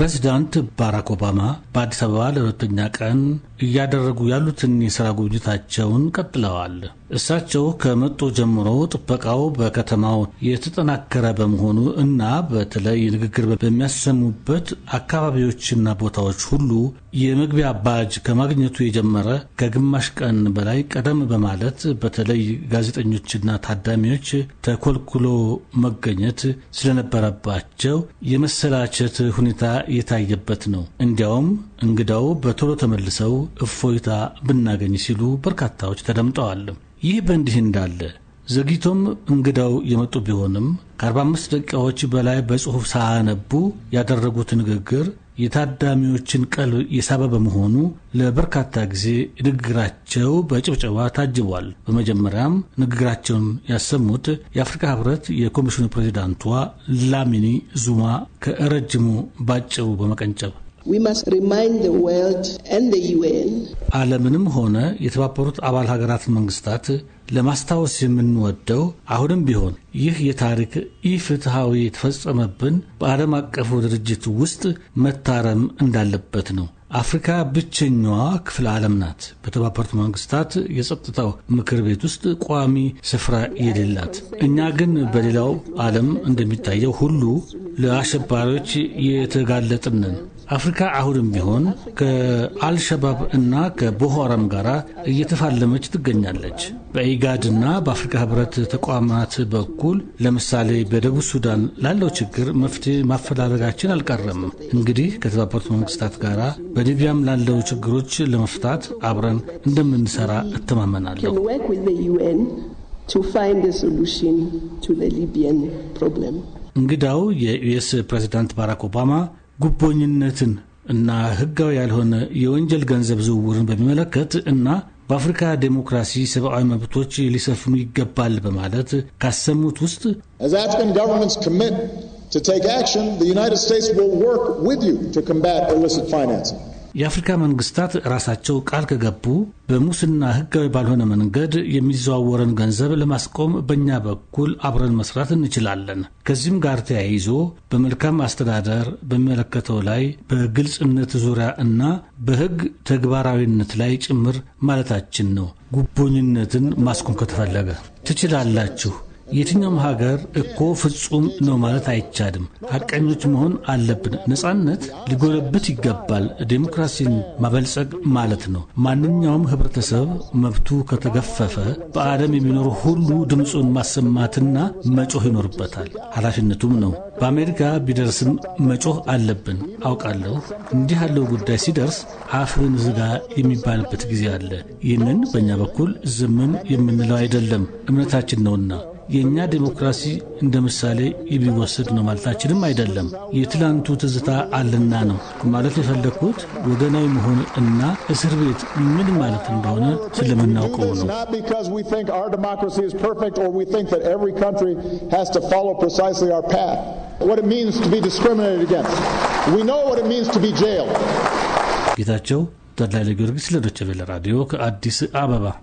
ፕሬዚዳንት ባራክ ኦባማ በአዲስ አበባ ለሁለተኛ ቀን እያደረጉ ያሉትን የሥራ ጉብኝታቸውን ቀጥለዋል። እሳቸው ከመጡ ጀምሮ ጥበቃው በከተማው የተጠናከረ በመሆኑ እና በተለይ ንግግር በሚያሰሙበት አካባቢዎችና ቦታዎች ሁሉ የመግቢያ ባጅ ከማግኘቱ የጀመረ ከግማሽ ቀን በላይ ቀደም በማለት በተለይ ጋዜጠኞችና ታዳሚዎች ተኮልኩሎ መገኘት ስለነበረባቸው የመሰላቸት ሁኔታ የታየበት ነው። እንዲያውም እንግዳው በቶሎ ተመልሰው እፎይታ ብናገኝ ሲሉ በርካታዎች ተደምጠዋል። ይህ በእንዲህ እንዳለ ዘግይቶም እንግዳው የመጡ ቢሆንም ከ45 ደቂቃዎች በላይ በጽሑፍ ሳያነቡ ያደረጉት ንግግር የታዳሚዎችን ቀልብ የሳበ በመሆኑ ለበርካታ ጊዜ ንግግራቸው በጭብጨባ ታጅቧል። በመጀመሪያም ንግግራቸውን ያሰሙት የአፍሪካ ሕብረት የኮሚሽኑ ፕሬዚዳንቷ ላሚኒ ዙማ ከረጅሙ ባጭሩ በመቀንጨብ ዓለምንም ሆነ የተባበሩት አባል ሀገራት መንግስታት ለማስታወስ የምንወደው አሁንም ቢሆን ይህ የታሪክ ኢፍትሐዊ የተፈጸመብን በዓለም አቀፉ ድርጅት ውስጥ መታረም እንዳለበት ነው። አፍሪካ ብቸኛዋ ክፍለ ዓለም ናት በተባበሩት መንግስታት የጸጥታው ምክር ቤት ውስጥ ቋሚ ስፍራ የሌላት። እኛ ግን በሌላው ዓለም እንደሚታየው ሁሉ ለአሸባሪዎች የተጋለጥንን አፍሪካ አሁንም ቢሆን ከአልሸባብ እና ከቦኮ ጋራ ጋር እየተፋለመች ትገኛለች። በኢጋድና በአፍሪካ ህብረት ተቋማት በኩል ለምሳሌ በደቡብ ሱዳን ላለው ችግር መፍትሄ ማፈላለጋችን አልቀረም። እንግዲህ ከተባበሩት መንግስታት ጋር በሊቢያም ላለው ችግሮች ለመፍታት አብረን እንደምንሰራ እተማመናለሁ። እንግዳው የዩኤስ ፕሬዚዳንት ባራክ ኦባማ ጉቦኝነትን እና ህጋዊ ያልሆነ የወንጀል ገንዘብ ዝውውርን በሚመለከት እና በአፍሪካ ዴሞክራሲ ሰብአዊ መብቶች ሊሰፍኑ ይገባል በማለት ካሰሙት ውስጥ ዩናይትድ ስቴትስ will work with you to combat illicit financing. የአፍሪካ መንግስታት ራሳቸው ቃል ከገቡ በሙስና ህጋዊ ባልሆነ መንገድ የሚዘዋወረን ገንዘብ ለማስቆም በእኛ በኩል አብረን መስራት እንችላለን። ከዚህም ጋር ተያይዞ በመልካም አስተዳደር በሚመለከተው ላይ በግልጽነት ዙሪያ እና በህግ ተግባራዊነት ላይ ጭምር ማለታችን ነው። ጉቦኝነትን ማስቆም ከተፈለገ ትችላላችሁ የትኛውም ሀገር እኮ ፍጹም ነው ማለት አይቻልም። ሀቀኞች መሆን አለብን። ነጻነት ሊጎለብት ይገባል። ዴሞክራሲን ማበልጸግ ማለት ነው። ማንኛውም ህብረተሰብ መብቱ ከተገፈፈ በዓለም የሚኖሩ ሁሉ ድምፁን ማሰማትና መጮህ ይኖርበታል። ኃላፊነቱም ነው። በአሜሪካ ቢደርስም መጮህ አለብን አውቃለሁ። እንዲህ ያለው ጉዳይ ሲደርስ አፍርን ዝጋ የሚባልበት ጊዜ አለ። ይህንን በእኛ በኩል ዝምን የምንለው አይደለም፣ እምነታችን ነውና የእኛ ዴሞክራሲ እንደ ምሳሌ የሚወሰድ ነው ማለታችንም አይደለም። የትላንቱ ትዝታ አለና ነው ማለት የፈለግኩት ወገናዊ መሆን እና እስር ቤት ምን ማለት እንደሆነ ስለምናውቀው ነው። ጌታቸው ተድላ ጊዮርጊስ ለዶይቼ ራዲዮ ከአዲስ አበባ